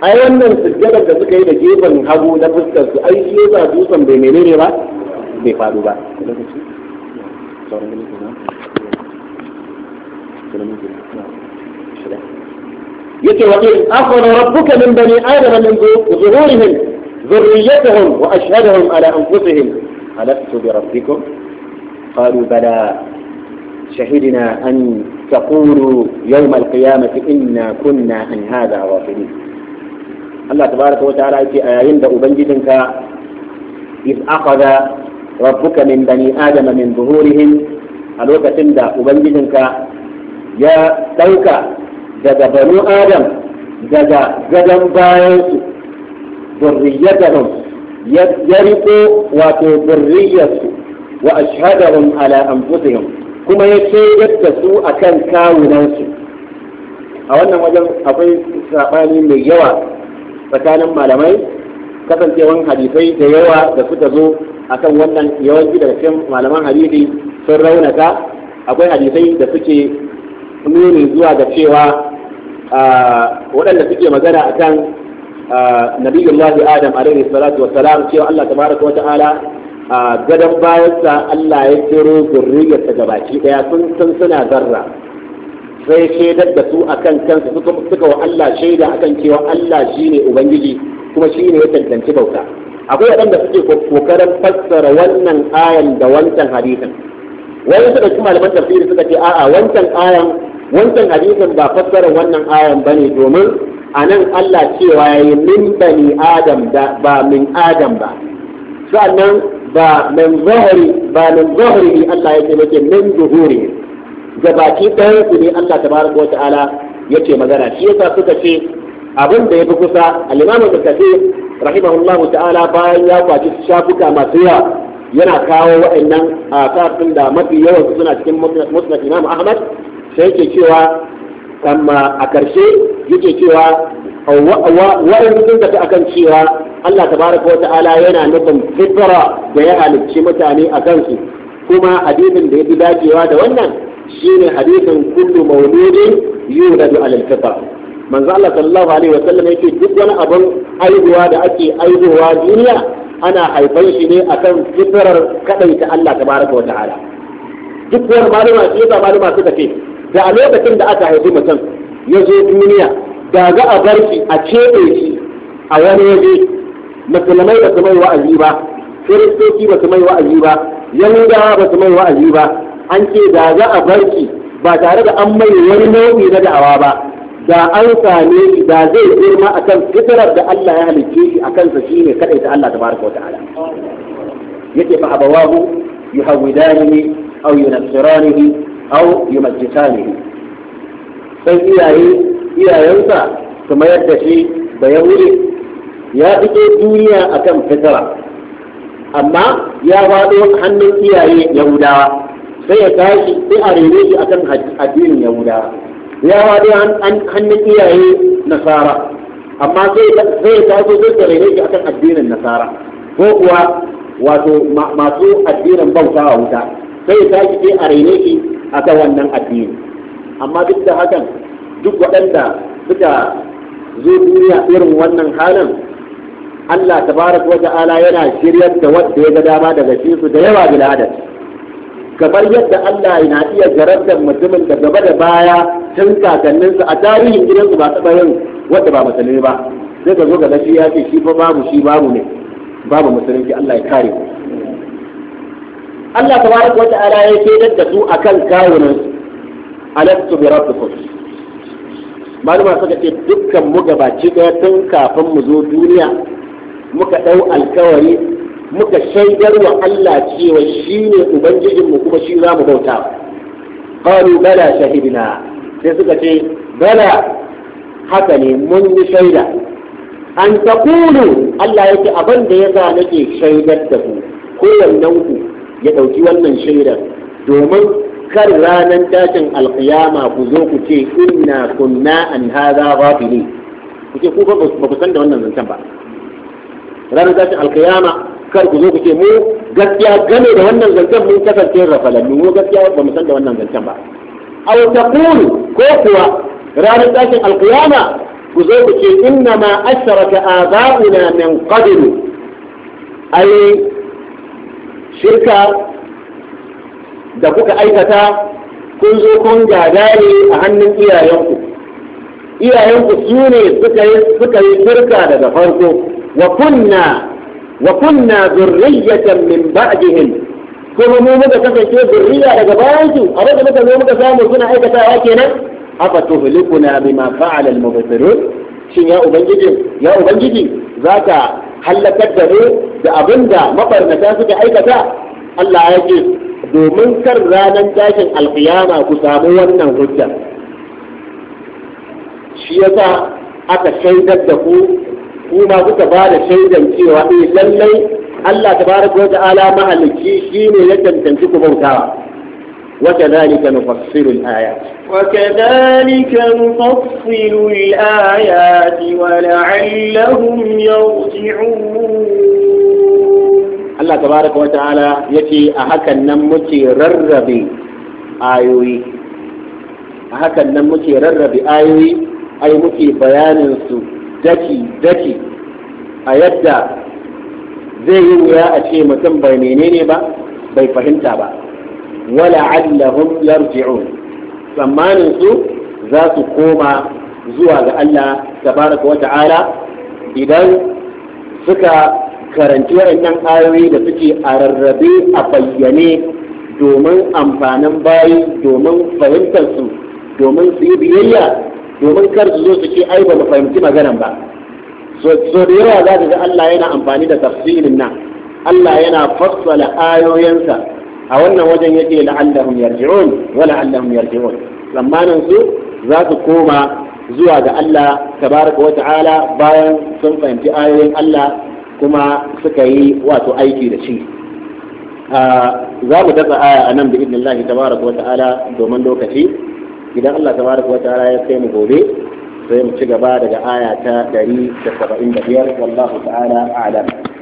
ai wannan sujjadar da suka yi da gefen hagu na fuskar su ai shi yasa dutsen bai menene ba bai faru ba sauran yake أخذ ربك من بني آدم من ظهورهم ذريتهم وأشهدهم على أنفسهم ألست بربكم قالوا بلى شهدنا أن تقولوا يوم القيامة إنا كنا عن هذا غافلين الله تبارك وتعالى في آيين أبنجدك إذ أخذ ربك من بني آدم من ظهورهم الوقت تندى أبنجدك يا دوكا daga banu adam daga gadon bayansu zurriyatahum ya riko wato zurriyarsu wa ashhadahum ala anfusihim kuma ya shaidar da su akan kawunansu a wannan wajen akwai saɓani mai yawa tsakanin malamai kasancewan hadisai da yawa da suka zo akan wannan yawanci daga cikin malaman hadisi sun raunaka akwai hadisai da suke nuni zuwa ga cewa waɗanda suke magana akan nabiyullahi adam alaihi salatu salam cewa Allah tabaraka wa ta'ala gadon bayansa Allah ya kiro zurriyarsa baki daya sun san suna zarra sai shaidar da su kan kansu suka suka wa Allah shaida kan cewa Allah ne ubangiji kuma ne ya tantance bauta akwai waɗanda suke kokarin fassara wannan ayan da wancan hadisin wani suka ci da tafsiri suka ce a'a wancan ayan wancan hadisin ba fassarar wannan ayan bane domin a nan Allah cewa ya yi min bani adam ba min adam ba Sannan ba min zahiri ba min Allah ya ce nake min zuhuri baki ɗayan su ne Allah tabaraka wata'ala ya ce magana shi yasa suka ce abin da ya fi kusa al-imamu kafi rahimahullahu ta'ala bayan ya kwaci shafuka masu yawa yana kawo waɗannan kafin da mafi yawan suna cikin musnad Imam Ahmad sai yake cewa amma a karshe yake cewa wa'in sun tafi akan cewa Allah tabaraka wata'ala yana nufin fitra da ya halicci mutane a kansu kuma hadisin da ya fi dacewa da wannan shine hadisin kullu mauludin yuladu alal fitra manzo Allah sallallahu alaihi wa sallam yake duk wani abin aihuwa da ake aihuwa duniya ana haifan shi ne akan fitrar ta Allah tabaraka wata'ala duk wani malama shi yasa malama suka ce da a lokacin da aka haifi mutum ya zo duniya da za a bar shi a keɓe shi a wani waje musulmai ba su mai wa'azi ba kiristoci ba su mai wa'azi ba yahudawa ba su mai wa'azi ba an ce da za a bar shi ba tare da an mai wani nau'i na da'awa ba da an same shi da zai girma akan fitarar da Allah ya halicce shi a kansa ne kadai ta Allah tabaraka wa ta'ala yake fa abawahu yuhawidanihi aw yunasiranihi au yumajjisani sai iyaye iyayensa su mayar da shi da ya wuri ya fito duniya akan fitara amma ya faɗo hannun iyaye yahudawa sai ya tashi sai a rene shi akan addinin yahudawa ya faɗo hannun iyaye nasara amma sai ya tashi sai ya rene shi akan addinin nasara ko kuwa wato masu addinin bauta wa wuta sai ya tashi sai a rene shi akan wannan addini amma duk da hakan duk waɗanda suka zo duniya irin wannan halin Allah tabaraka Ta'ala yana shiryar da wanda ya ga dama daga shi su da yawa bil adad kamar yadda Allah yana iya jarabtar mutumin da gaba da baya tun kakanninsa a tarihin su ba taɓa yin wanda ba musulmi ba sai ka zo ga shi ya ce shi fa babu shi babu ne babu musulunci Allah ya kare ku Allah tabaraka ala ya shaidar da su a kawunan alastu bi rabbikum malama suka ce dukkan mu gabaci daya tun kafin mu zo duniya muka dau alkawari muka shaidar wa Allah cewa shine ubangijin mu kuma shi za mu bauta qalu bala shahidna sai suka ce bala haka ne mun yi shaida an taqulu Allah yake abin da yasa nake shaidar da ku kowannen ku ya ɗauki wannan shaidar domin kar ranar tashin alkiyama ku zo ku ce inna kunna an haza ghafili ku ce ku ba ku san da wannan zancen ba ranar tashin alkiyama kar ku zo ku ce mu gaskiya game da wannan zancen mun kasance rafalannu mu gaskiya ba mu san da wannan zancen ba aw taqulu ko kuwa ranar tashin alkiyama ku zo ku ce inna ma asharaka aba'una min qablu ai shirka da kuka aikata kun zo kun gada ne a hannun iyayenku iyayenku su ne suka yi shirka daga farko wa kunna wa kunna zurriyatan min ba'dihim kuma mu muka kasance zurriya daga bayan su a da muka zo muka samu suna aikatawa kenan afa tuhlikuna bima fa'ala al-mubtirun shin ya ubangiji ya ubangiji zaka hallakar da ne da abin da mabarnata suka aikata Allah ya ce domin kar ranar tashin alkiyama ku samu wannan hujja shi yasa aka shaidar da ku kuma kuka ba da shaidan cewa eh lallai Allah tabaraka wa ta'ala mahalicci shine ya tantance ku bautawa وكذلك نفصل الآيات وكذلك نفصل الآيات ولعلهم يرجعون الله تبارك وتعالى يتي أهكا نمتي رربي آيوي أهكا نمتي رربي آيوي أي متي بيان سو دكي دكي أيدا زي يا أشي a ce با بي فهمتا با, wala allahum yarji'un tsammanin su za su koma zuwa ga Allah tabaraka wa ta'ala idan suka karanci waɗannan ayoyi da suke a rarrabe a bayyane domin amfanin bayi domin fahimtar su domin su yi biyayya domin kar su zo su ce ai ba mu fahimci maganan ba so da yawa za ga Allah yana amfani da tafsirin nan Allah yana fassala ayoyinsa a wannan wajen yake la'allahum yarji'un wa la'allahum yarji'un tsammanin su za su koma zuwa ga Allah tabaraka wa ta'ala bayan sun fahimci ayoyin Allah kuma suka yi wato aiki da shi za mu dasa aya a nan da Allah tabaraka wa ta'ala domin lokaci idan Allah tabaraka wa ta'ala ya kai mu gobe sai mu ci gaba daga aya ta 175 wallahu ta'ala a'lam